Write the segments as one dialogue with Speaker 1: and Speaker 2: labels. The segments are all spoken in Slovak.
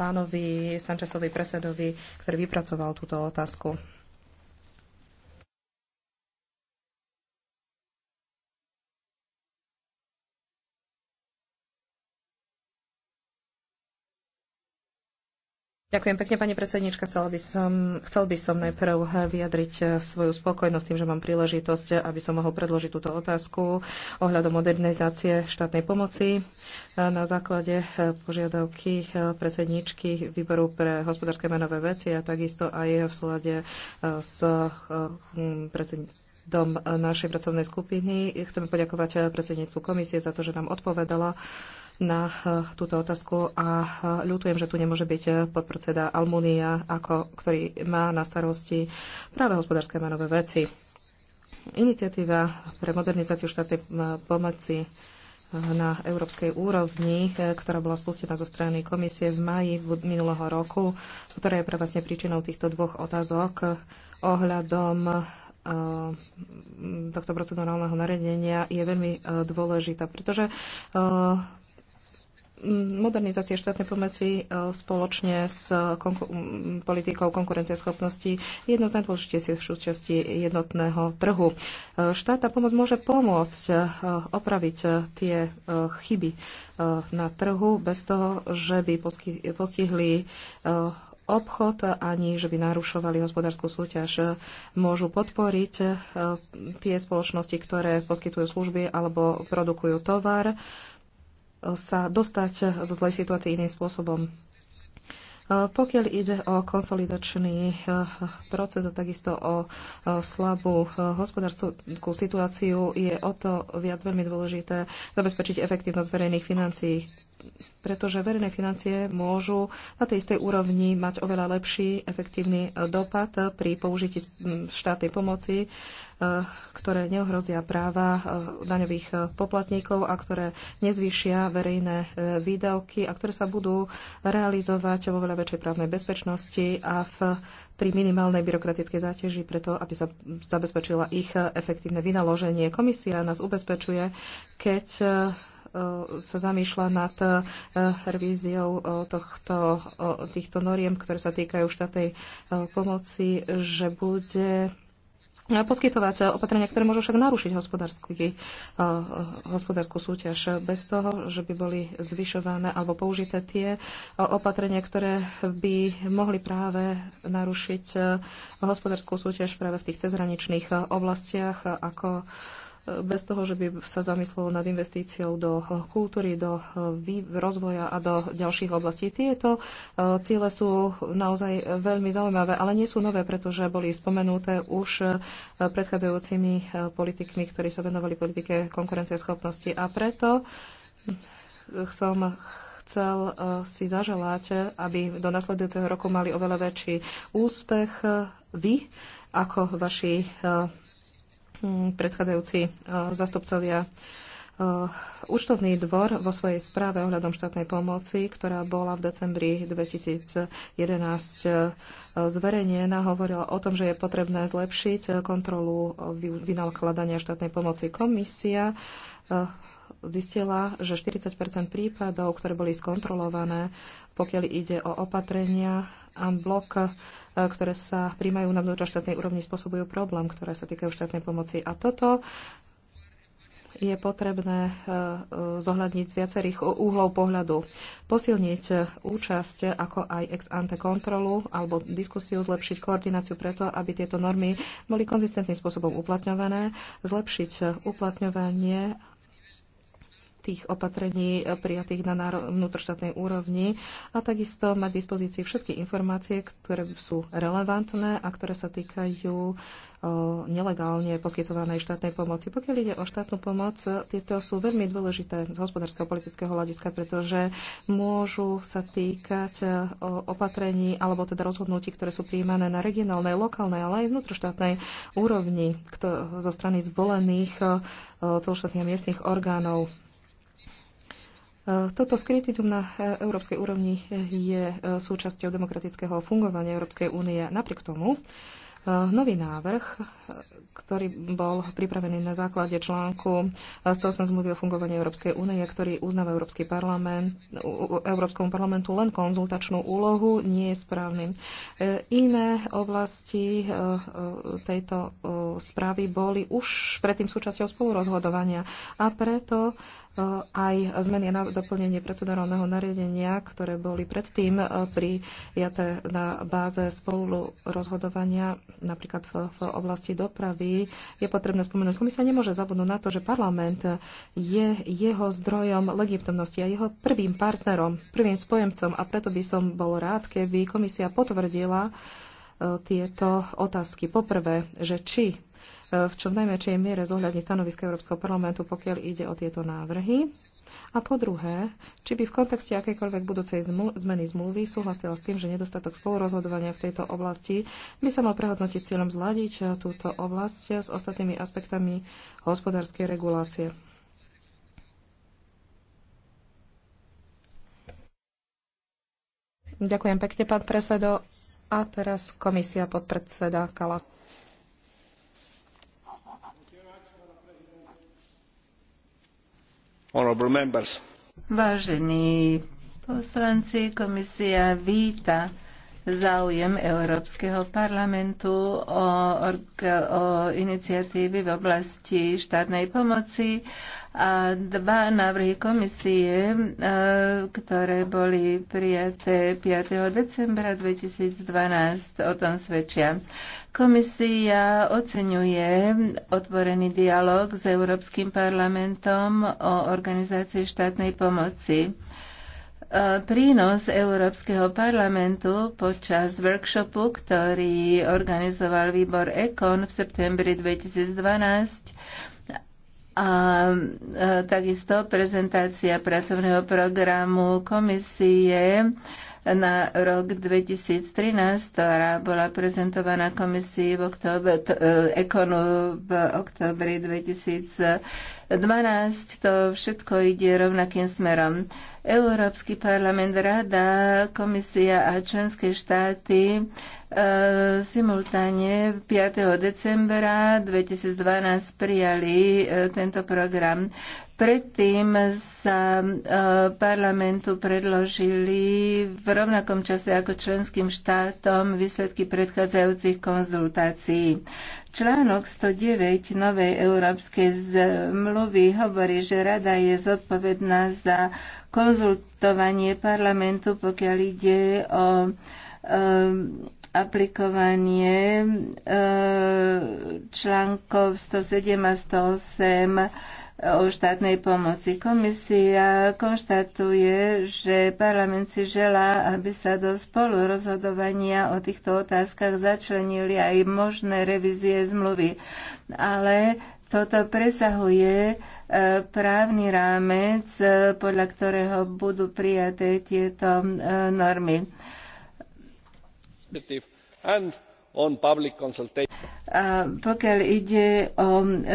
Speaker 1: pánovi Sančesovi Presedovi, ktorý vypracoval túto otázku. Ďakujem pekne, pani predsednička. Chcela by som, chcel by som najprv vyjadriť eh, svoju spokojnosť tým, že mám príležitosť, aby som mohol predložiť túto otázku ohľadom modernizácie štátnej pomoci na základe eh, požiadavky eh, predsedničky výboru pre hospodárske menové veci a takisto aj v súlade s predsedničkou dom našej pracovnej skupiny. Chceme poďakovať predsedníctvu komisie za to, že nám odpovedala na eh, túto otázku a eh, ľutujem, že tu nemôže byť eh, podpredseda Almunia, ako, ktorý má na starosti práve hospodárske menové veci. Iniciatíva pre modernizáciu štátnej pomoci na európskej úrovni, ktorá bola spustená zo strany komisie v maji minulého roku, ktorá je pre vlastne príčinou týchto dvoch otázok ohľadom tohto procedurálneho nariadenia je veľmi dôležitá, pretože modernizácie štátnej pomoci e, spoločne s konku- politikou konkurencieschopnosti je jedno z najdôležitejších súčastí jednotného trhu. E, štátna pomoc môže pomôcť e, opraviť tie chyby na trhu bez toho, že by postihli obchod, ani že by narušovali hospodárskú súťaž. Môžu podporiť tie spoločnosti, ktoré poskytujú služby alebo produkujú tovar sa dostať zo zlej situácie iným spôsobom. E, pokiaľ ide o konsolidačný e, proces a takisto o e, slabú hospodárskú situáciu, je o to viac veľmi dôležité zabezpečiť efektívnosť verejných financií pretože verejné financie môžu na tej istej úrovni mať oveľa lepší efektívny e, dopad e, pri použití štátnej pomoci, e, ktoré neohrozia práva daňových poplatníkov a ktoré nezvýšia verejné výdavky a ktoré sa budú realizovať vo veľa väčšej právnej bezpečnosti a v, pri minimálnej byrokratickej záťaži, preto aby sa zabezpečila ich efektívne vynaloženie. Komisia nás ubezpečuje, keď E, sa zamýšľa nad e, revíziou e, tohto, týchto noriem, ktoré sa týkajú štátnej pomoci, že bude poskytovať opatrenia, ktoré môžu však narušiť hospodárskú súťaž bez toho, že by boli zvyšované alebo použité tie opatrenia, ktoré by mohli práve narušiť hospodárskú súťaž práve v tých cezhraničných oblastiach, ako bez toho, že by sa zamyslelo nad investíciou do kultúry, do eh, rozvoja a do ďalších oblastí. Tieto eh, ciele sú naozaj veľmi zaujímavé, ale nie sú nové, pretože boli spomenuté už eh, predchádzajúcimi politikmi, ktorí sa venovali politike konkurencieschopnosti. A preto som chcel si zaželať, aby do nasledujúceho roku mali oveľa väčší úspech vy ako vaši Mm, predchádzajúci e, zastupcovia e, Účtovný dvor vo svojej správe ohľadom štátnej pomoci, ktorá bola v decembri 2011 e, zverejnená, hovorila o tom, že je potrebné zlepšiť kontrolu vynakladania štátnej pomoci. Komisia zistila, že 40 prípadov, ktoré boli skontrolované, pokiaľ ide o opatrenia blok, e, ktoré sa príjmajú na vnútroštátnej úrovni, spôsobujú problém, ktoré sa týkajú štátnej pomoci. A toto je potrebné e, zohľadniť z viacerých úhlov pohľadu. Posilniť e, účasť ako aj ex ante kontrolu alebo diskusiu, zlepšiť koordináciu preto, aby tieto normy boli konzistentným spôsobom uplatňované, zlepšiť uplatňovanie tých opatrení eh, prijatých na vnútroštátnej úrovni a takisto mať dispozícii všetky informácie, ktoré sú relevantné a ktoré sa týkajú eh, nelegálne poskytovanej štátnej pomoci. Pokiaľ ide o štátnu pomoc, eh, tieto sú veľmi dôležité z hospodárskeho politického hľadiska, pretože môžu sa týkať opatrení alebo teda rozhodnutí, ktoré sú prijímané na regionálnej, lokálnej, ale aj vnútroštátnej úrovni kto, zo strany zvolených celoštátnych a miestnych orgánov toto skritizum na európskej úrovni je e, súčasťou demokratického fungovania Európskej únie. Napriek tomu, e, nový návrh, e, ktorý bol pripravený na základe článku 108 zmluvy o fungovaní Európskej únie, ktorý uznáva Európsky parlament, Európskom parlamentu len konzultačnú úlohu, nie je správny. Iné oblasti tejto správy boli už predtým súčasťou spolurozhodovania a preto Eh, aj zmeny na doplnenie procedurálneho nariadenia, ktoré boli predtým eh, prijaté na báze spolu rozhodovania, napríklad v, v oblasti dopravy. Je potrebné spomenúť, komisia nemôže zabudnúť na to, že parlament je jeho zdrojom legitimnosti a jeho prvým partnerom, prvým spojemcom a preto by som bol rád, keby komisia potvrdila eh, tieto otázky. Poprvé, že či v čo v najväčšej miere zohľadní stanoviska Európskeho parlamentu, pokiaľ ide o tieto návrhy. A po druhé, či by v kontexte akejkoľvek budúcej zmlu- zmeny zmluvy súhlasila s tým, že nedostatok spolurozhodovania v tejto oblasti by sa mal prehodnotiť cieľom zladiť eh, túto oblasť s ostatnými aspektami hospodárskej regulácie. Ďakujem pekne, pán predsedo. A teraz komisia podpredseda Kala.
Speaker 2: Vážení poslanci, komisia víta záujem Európskeho parlamentu o, o iniciatívy v oblasti štátnej pomoci a dva návrhy komisie, e, ktoré boli prijaté 5. decembra 2012, o tom svedčia. Komisia oceňuje otvorený dialog s Európskym parlamentom o organizácii štátnej pomoci prínos Európskeho parlamentu počas workshopu, ktorý organizoval výbor EKON v septembri 2012 a e, takisto prezentácia pracovného programu komisie na rok 2013, ktorá bola prezentovaná komisii v oktober, t, e, ekonu v oktobri 2012. To všetko ide rovnakým smerom. Európsky parlament, Rada, Komisia a členské štáty e, simultáne 5. decembra 2012 prijali e, tento program. Predtým sa e, parlamentu predložili v rovnakom čase ako členským štátom výsledky predchádzajúcich konzultácií. Článok 109 Novej Európskej zmluvy hovorí, že Rada je zodpovedná za konzultovanie parlamentu, pokiaľ ide o eh, aplikovanie eh, článkov 107 a 108 o štátnej pomoci. Komisia konštatuje, že parlament si želá, aby sa do spolu rozhodovania o týchto otázkach začlenili aj možné revízie zmluvy. Ale toto presahuje e, právny rámec, e, podľa ktorého budú prijaté tieto e, normy. And pokiaľ ide o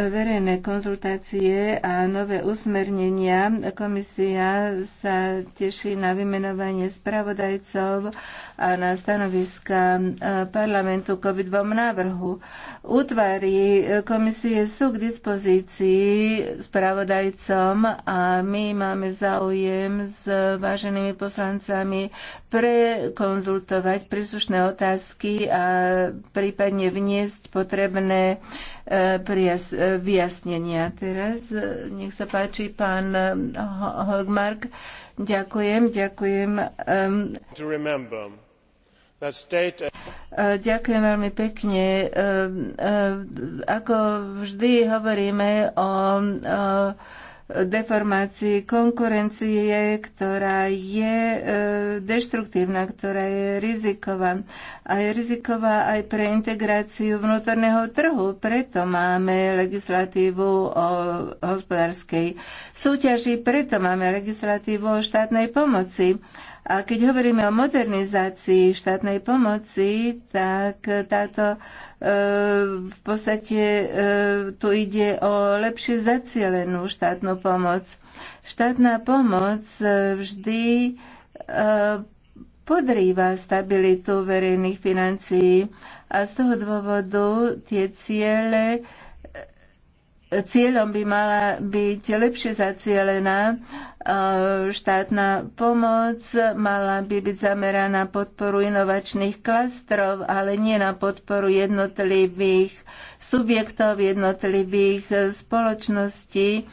Speaker 2: verejné konzultácie a nové usmernenia, komisia sa teší na vymenovanie spravodajcov a na stanoviska e, parlamentu k obidvom návrhu. Útvary komisie sú k dispozícii spravodajcom a my máme záujem s váženými poslancami prekonzultovať príslušné otázky a prípadne vniesť potrebné e, e, vyjasnenia. Teraz e, nech sa páči pán Hogmark. Ďakujem, ďakujem. Ďakujem veľmi pekne. Ako vždy hovoríme o deformácii konkurencie, ktorá je e, deštruktívna, ktorá je riziková. A je riziková aj pre integráciu vnútorného trhu. Preto máme legislatívu o hospodárskej súťaži, preto máme legislatívu o štátnej pomoci. A keď hovoríme o modernizácii štátnej pomoci, tak táto e, v podstate e, tu ide o lepšie zacielenú štátnu pomoc. Štátna pomoc e, vždy podrýva stabilitu verejných financií a z toho dôvodu tie ciele cieľom by mala byť lepšie zacielená e, štátna pomoc, mala by byť zameraná na podporu inovačných klastrov, ale nie na podporu jednotlivých subjektov, jednotlivých e, spoločností.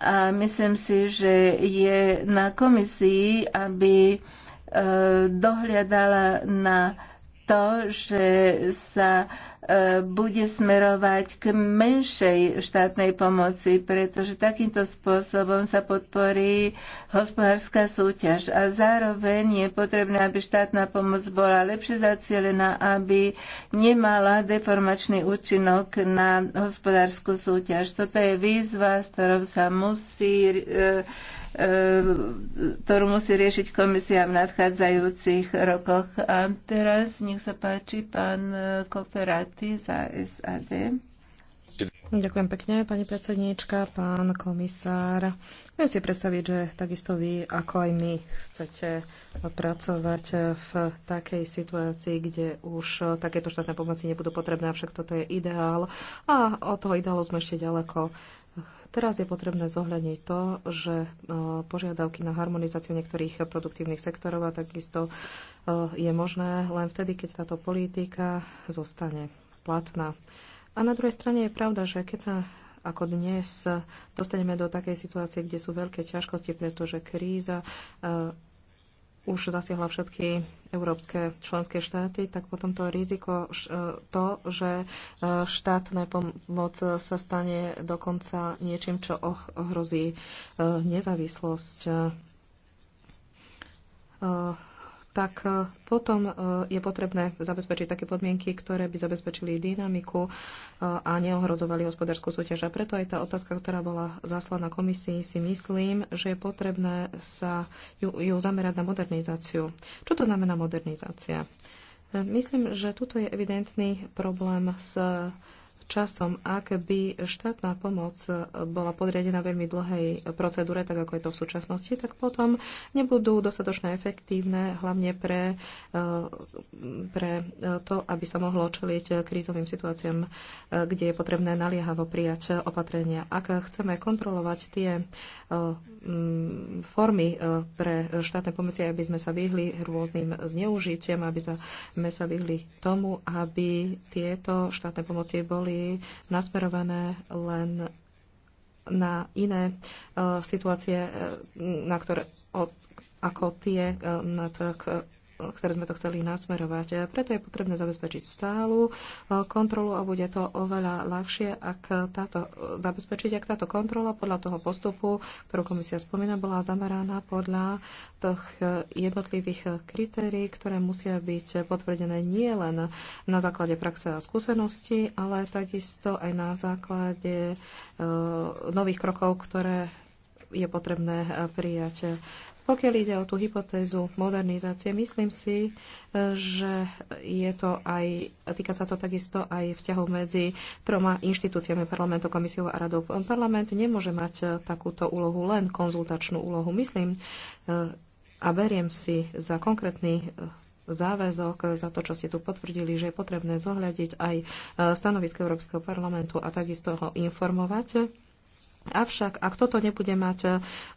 Speaker 2: A myslím si, že je na komisii, aby e, dohliadala na to, že sa bude smerovať k menšej štátnej pomoci, pretože takýmto spôsobom sa podporí hospodárska súťaž. A zároveň je potrebné, aby štátna pomoc bola lepšie zacielená, aby nemala deformačný účinok na hospodárskú súťaž. Toto je výzva, s ktorou sa musí e, E, ktorú musí riešiť komisia v nadchádzajúcich rokoch. A teraz nech sa páči pán e, Koperati za SAD. Ďakujem pekne, pani predsedníčka, pán komisár.
Speaker 1: Viem si predstaviť, že takisto vy, ako aj my, chcete pracovať v takej situácii, kde už takéto štátne pomoci nebudú potrebné, avšak toto je ideál a od toho ideálu sme ešte ďaleko. Teraz je potrebné zohľadniť to, že e, požiadavky na harmonizáciu niektorých produktívnych sektorov a takisto e, je možné len vtedy, keď táto politika zostane platná. A na druhej strane je pravda, že keď sa ako dnes dostaneme do takej situácie, kde sú veľké ťažkosti, pretože kríza e, už zasiahla všetky európske členské štáty, tak potom to riziko e, to, že e, štátna pomoc sa stane dokonca niečím, čo ohrozí e, nezávislosť tak e, potom e, je potrebné zabezpečiť také podmienky, ktoré by zabezpečili dynamiku e, a neohrozovali hospodárskú súťaž. A preto aj tá otázka, ktorá bola zaslaná komisii, si myslím, že je potrebné sa ju, ju zamerať na modernizáciu. Čo to znamená modernizácia? Myslím, že tuto je evidentný problém s časom, ak by štátna pomoc bola podriadená veľmi dlhej procedúre, tak ako je to v súčasnosti, tak potom nebudú dostatočne efektívne, hlavne pre, eh, pre eh, to, aby sa mohlo čeliť krízovým situáciám, eh, kde je potrebné naliehavo prijať opatrenia. Ak chceme kontrolovať tie mm, formy pre štátne pomoci, aby sme sa vyhli rôznym zneužitiam, aby sme sa vyhli tomu, aby tieto štátne pomoci boli boli nasmerované len na iné eh, situácie, eh, na ktoré, ako tie, eh, na tak, ktoré sme to chceli nasmerovať. Preto je potrebné zabezpečiť stálu e, kontrolu a bude to oveľa ľahšie, ak táto, e, zabezpečiť, ak táto kontrola podľa toho postupu, ktorú komisia spomína, bola zameraná podľa tých jednotlivých kritérií, ktoré musia byť potvrdené nie len na základe praxe a skúsenosti, ale takisto aj na základe e, nových krokov, ktoré je potrebné e, prijať. Pokiaľ ide o tú hypotézu modernizácie, myslím si, e, že je to aj, týka sa to takisto aj vzťahov medzi troma inštitúciami parlamentu, komisiou a radou. Parlament nemôže mať e, takúto úlohu, len konzultačnú úlohu. Myslím a beriem si za konkrétny záväzok za to, čo ste tu potvrdili, že je potrebné zohľadiť aj stanovisko Európskeho parlamentu a takisto ho informovať Avšak, ak toto nebude mať e,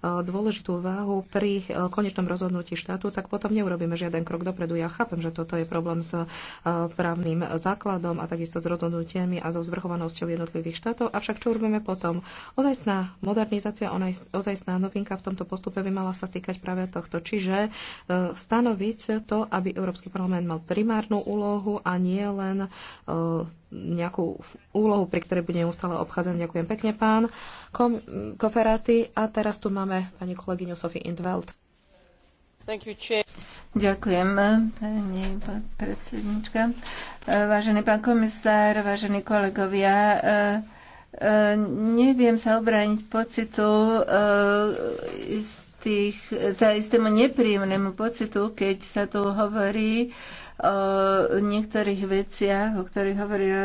Speaker 1: dôležitú váhu pri e, konečnom rozhodnutí štátu, tak potom neurobíme žiaden krok dopredu. Ja chápem, že toto je problém s e, právnym základom a takisto s rozhodnutiami a so zvrchovanosťou jednotlivých štátov. Avšak čo urobíme potom? Ozajstná modernizácia, ozajstná novinka v tomto postupe by mala sa týkať práve tohto. Čiže stanoviť to, aby Európsky parlament mal primárnu úlohu a nie len nejakú úlohu, pri ktorej bude neustále obchádzať. Ďakujem pekne, pán Kom- Koferáty.
Speaker 2: A teraz tu máme pani kolegyňu Sophie Intveld. You, Ďakujem, pani predsednička. Vážený pán komisár, vážení kolegovia, neviem sa obrániť pocitu istých, teda istému nepríjemnému pocitu, keď sa tu hovorí o niektorých veciach, o ktorých hovoril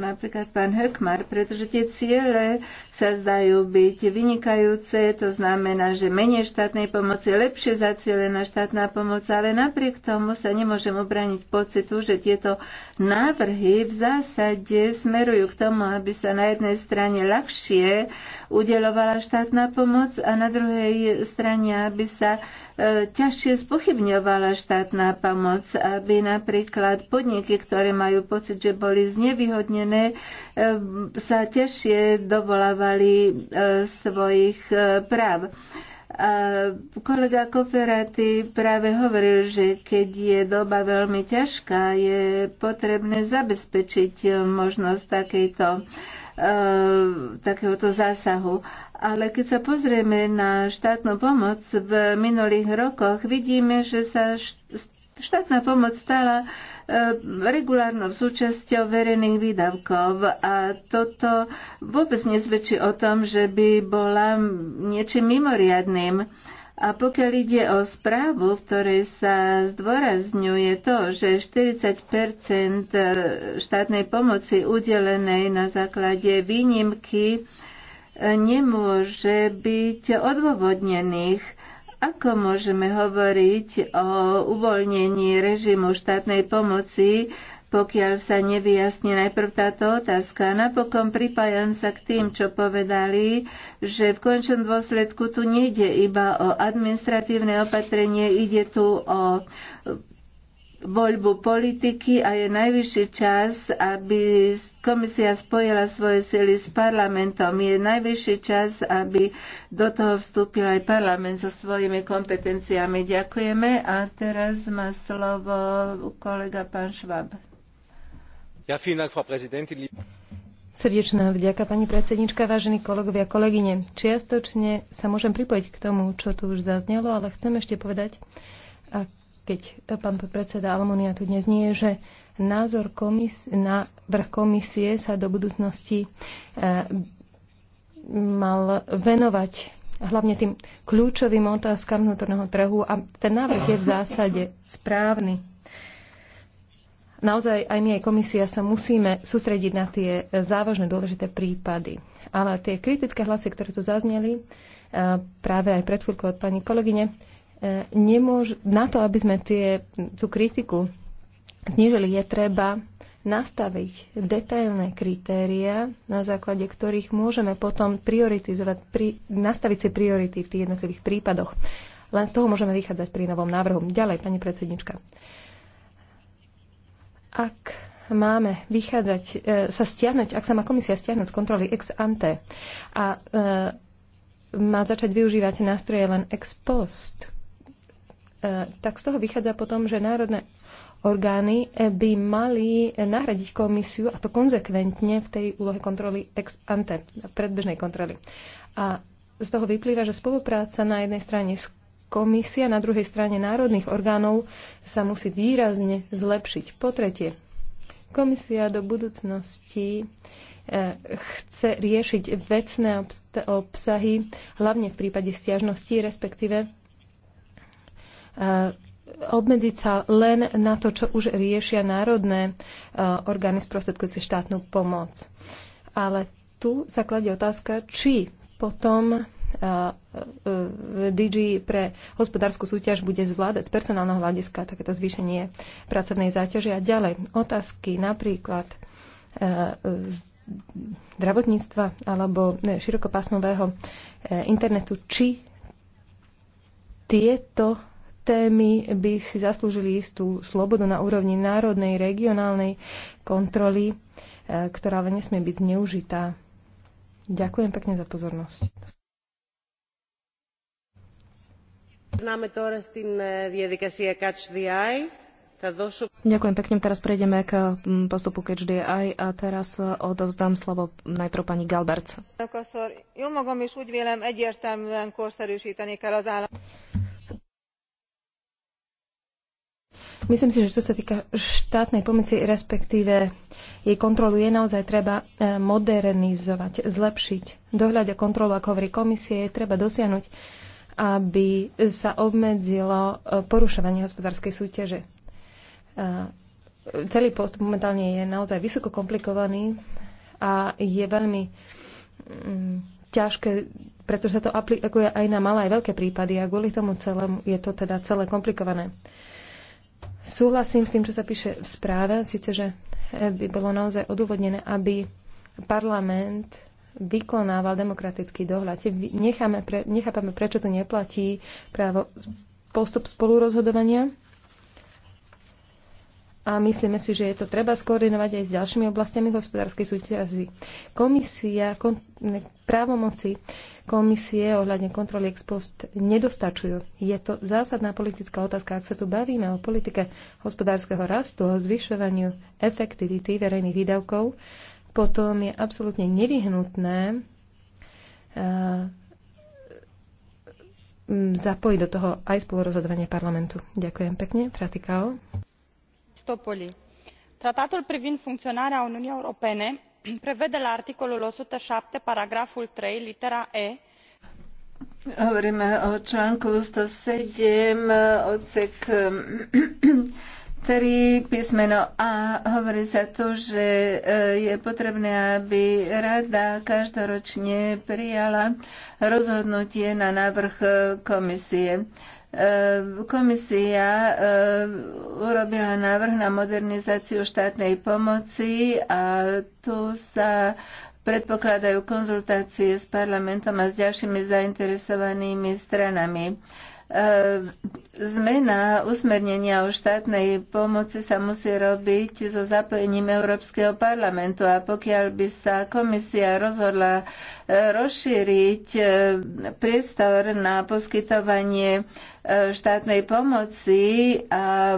Speaker 2: napríklad pán Hökmar, pretože tie ciele sa zdajú byť vynikajúce, to znamená, že menej štátnej pomoci, lepšie zacielená štátna pomoc, ale napriek tomu sa nemôžem obraniť pocitu, že tieto návrhy v zásade smerujú k tomu, aby sa na jednej strane ľahšie udelovala štátna pomoc a na druhej strane, aby sa e, ťažšie spochybňovala štátna pomoc, aby na napríklad podniky, ktoré majú pocit, že boli znevýhodnené, e, sa tešie dovolávali e, svojich e, práv. A kolega Koferaty práve hovoril, že keď je doba veľmi ťažká, je potrebné zabezpečiť možnosť takejto takéhoto zásahu. Ale keď sa pozrieme na štátnu pomoc v minulých rokoch, vidíme, že sa Štátna pomoc stala e, regulárnou súčasťou verejných výdavkov a toto vôbec nezvedčí o tom, že by bola niečím mimoriadným. A pokiaľ ide o správu, v ktorej sa zdôrazňuje to, že 40 e, štátnej pomoci udelenej na základe výnimky e, nemôže byť odôvodnených, ako môžeme hovoriť o uvoľnení režimu štátnej pomoci, pokiaľ sa nevyjasní najprv táto otázka. Napokon pripájam sa k tým, čo povedali, že v končnom dôsledku tu nejde iba o administratívne opatrenie, ide tu o voľbu politiky a je najvyšší čas, aby komisia spojila svoje sily s parlamentom. Je najvyšší čas, aby do toho vstúpil aj parlament so svojimi kompetenciami. Ďakujeme a teraz má slovo kolega pán Švab. Ja, vielen Frau
Speaker 3: Srdečná vďaka, pani predsednička, vážení kolegovia, kolegyne. Čiastočne sa môžem pripojiť k tomu, čo tu už zaznelo, ale chcem ešte povedať, ak keď pán podpredseda Almonia tu dnes nie je, že názor komis- na vrch komisie sa do budúcnosti e, mal venovať hlavne tým kľúčovým otázkam vnútorného trhu a ten návrh je v zásade správny. Naozaj aj my, aj komisia sa musíme sústrediť na tie závažné dôležité prípady. Ale tie kritické hlasy, ktoré tu zazneli, e, práve aj pred chvíľkou od pani kolegyne, nemôž, na to, aby sme tie, tú kritiku znížili, je treba nastaviť detailné kritéria, na základe ktorých môžeme potom prioritizovať, pri, nastaviť si priority v tých jednotlivých prípadoch. Len z toho môžeme vychádzať pri novom návrhu. Ďalej, pani predsednička. Ak máme vychádzať, e, sa stiahnuť, ak sa má komisia stiahnuť z kontroly ex ante a e, má začať využívať nástroje len ex post, E, tak z toho vychádza potom, že národné orgány e, by mali nahradiť komisiu, a to konzekventne v tej úlohe kontroly ex ante, predbežnej kontroly. A z toho vyplýva, že spolupráca na jednej strane s komisia, na druhej strane národných orgánov sa musí výrazne zlepšiť. Po tretie, komisia do budúcnosti e, chce riešiť vecné obsahy, hlavne v prípade stiažnosti, respektíve Eh, obmedziť sa len na to, čo už riešia národné eh, orgány sprostredkujúce štátnu pomoc. Ale tu sa kladie otázka, či potom eh, DG pre hospodárskú súťaž bude zvládať z personálneho hľadiska takéto zvýšenie pracovnej záťaže. A ďalej otázky napríklad zdravotníctva alebo širokopásmového internetu, či tieto systémy by si zaslúžili istú slobodu na úrovni národnej, regionálnej kontroly, e, ktorá ale nesmie byť zneužitá. Ďakujem pekne za pozornosť.
Speaker 1: Ďakujem pekne. Teraz prejdeme k hm, postupu Catch the Eye a teraz odovzdám slovo najprv pani Galberts.
Speaker 3: Myslím si, že čo sa týka štátnej pomoci, respektíve jej kontrolu, je naozaj treba e, modernizovať, zlepšiť. Dohľad a kontrolu, ako hovorí komisie, je treba dosiahnuť, aby sa obmedzilo e, porušovanie hospodárskej súťaže. E, celý postup momentálne je naozaj vysoko komplikovaný a je veľmi mm, ťažké, pretože sa to aplikuje aj na malé, aj veľké prípady a kvôli tomu celému je to teda celé komplikované. Súhlasím s tým, čo sa píše v správe, síce, že eh, by bolo naozaj odôvodnené, aby parlament vykonával demokratický dohľad. Necháme pre, nechápame, prečo tu neplatí právo postup spolurozhodovania a myslíme si, že je to treba skoordinovať aj s ďalšími oblastiami hospodárskej súťaži. Komisia, kon, právomoci komisie ohľadne kontroly ex post nedostačujú. Je to zásadná politická otázka. Ak sa tu bavíme o politike hospodárskeho rastu, o zvyšovaniu efektivity verejných výdavkov, potom je absolútne nevyhnutné eh, zapojiť do toho aj spolurozhodovanie parlamentu. Ďakujem pekne. Pratikao tratatul privind funcionarea uniunii europene prevede la articolul o sută șapte paragraful trei litera e
Speaker 2: písmeno A. Hovorí sa tu, že e, je potrebné, aby rada každoročne prijala rozhodnutie na návrh e, komisie. E, komisia e, urobila návrh na modernizáciu štátnej pomoci a tu sa predpokladajú konzultácie s parlamentom a s ďalšími zainteresovanými stranami. E, zmena usmernenia o štátnej pomoci sa musí robiť so zapojením Európskeho parlamentu a pokiaľ by sa komisia rozhodla rozšíriť priestor na poskytovanie štátnej pomoci a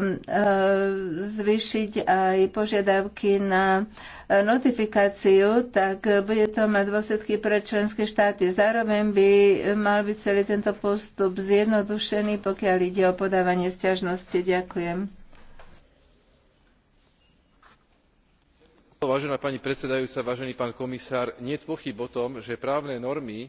Speaker 2: zvyšiť aj požiadavky na notifikáciu, tak bude to mať dôsledky pre členské štáty. Zároveň by mal byť celý tento postup zjednodušený, pokiaľ ide o podávanie stiažnosti. Ďakujem.
Speaker 4: vážená pani predsedajúca vážený pán komisár je pochyb o tom že právne normy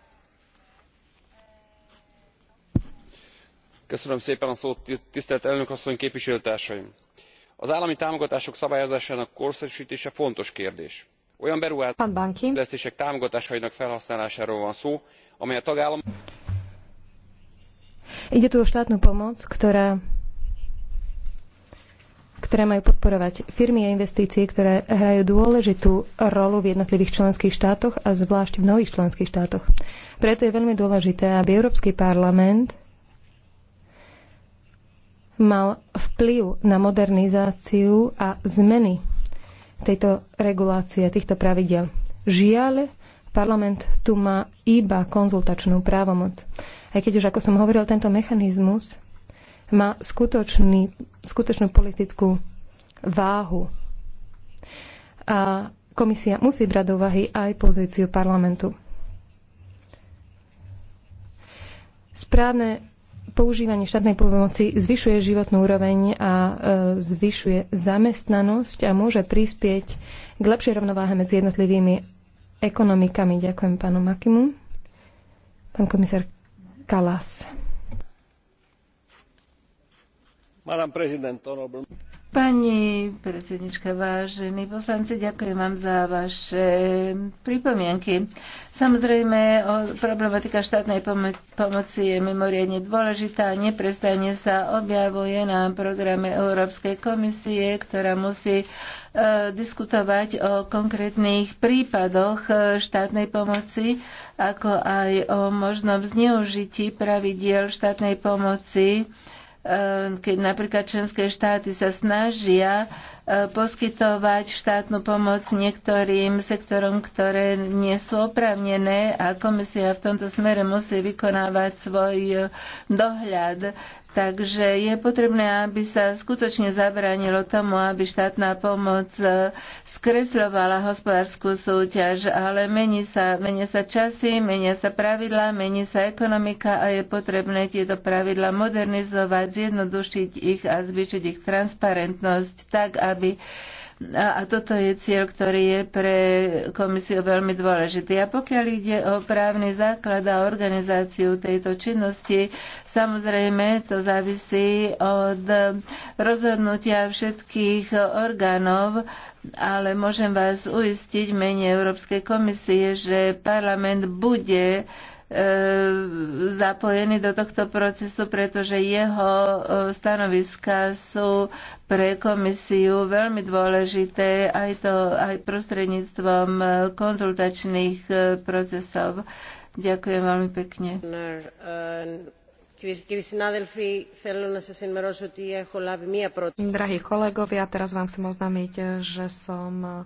Speaker 4: tisztelt elnök asszony képviselőtársaim! az állami támogatások szabályozásának korszerűstése fontos kérdés. olyan beruházási fejlesztések támogatásainak felhasználásáról van szó amely a tagállamok.
Speaker 3: ide tu o štátnu pomoc ktoré majú podporovať firmy a investície, ktoré hrajú dôležitú rolu v jednotlivých členských štátoch a zvlášť v nových členských štátoch. Preto je veľmi dôležité, aby Európsky parlament mal vplyv na modernizáciu a zmeny tejto regulácie, týchto pravidel. Žiaľ, parlament tu má iba konzultačnú právomoc. Aj keď už, ako som hovoril, tento mechanizmus má skutočný, skutočnú politickú váhu. A komisia musí brať do úvahy aj pozíciu parlamentu. Správne používanie štátnej pomoci zvyšuje životnú úroveň a e, zvyšuje zamestnanosť a môže prispieť k lepšej rovnováhe medzi jednotlivými ekonomikami. Ďakujem pánu Makimu. Pán komisár Kalas.
Speaker 4: Madam President, honorable...
Speaker 2: Pani predsednička, vážení poslanci, ďakujem vám za vaše pripomienky. Samozrejme, problematika štátnej pomoci je mimoriadne dôležitá neprestane sa objavuje na programe Európskej komisie, ktorá musí e, diskutovať o konkrétnych prípadoch e, štátnej pomoci, ako aj o možnom zneužití pravidiel štátnej pomoci Ehm, keď napríklad členské štáty sa snažia ehm, poskytovať štátnu pomoc niektorým sektorom, ktoré nie sú oprávnené a komisia v tomto smere musí vykonávať svoj ehm, dohľad. Takže je potrebné, aby sa skutočne zabránilo tomu, aby štátna pomoc e, skresľovala hospodárskú súťaž, ale mení sa, menia sa časy, menia sa pravidla, mení sa ekonomika a je potrebné tieto pravidlá modernizovať, zjednodušiť ich a zvyšiť ich transparentnosť tak, aby a toto je cieľ, ktorý je pre komisiu veľmi dôležitý. A pokiaľ ide o právny základ a organizáciu tejto činnosti, samozrejme to závisí od rozhodnutia všetkých orgánov, ale môžem vás uistiť mene Európskej komisie, že parlament bude uh, E, zapojený do tohto procesu, pretože jeho e, stanoviska sú pre komisiu veľmi dôležité aj, to, aj prostredníctvom e, konzultačných procesov. Ďakujem veľmi pekne.
Speaker 3: Drahí
Speaker 1: kolegovia, teraz vám chcem oznámiť, že som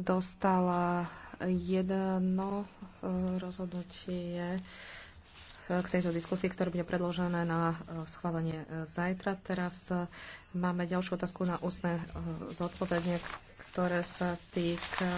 Speaker 1: dostala jedno rozhodnutie eh, k tejto diskusii, ktoré bude predložené na eh, schválenie eh, zajtra. Teraz máme ďalšiu otázku na ústne zodpovedne, ktoré sa týka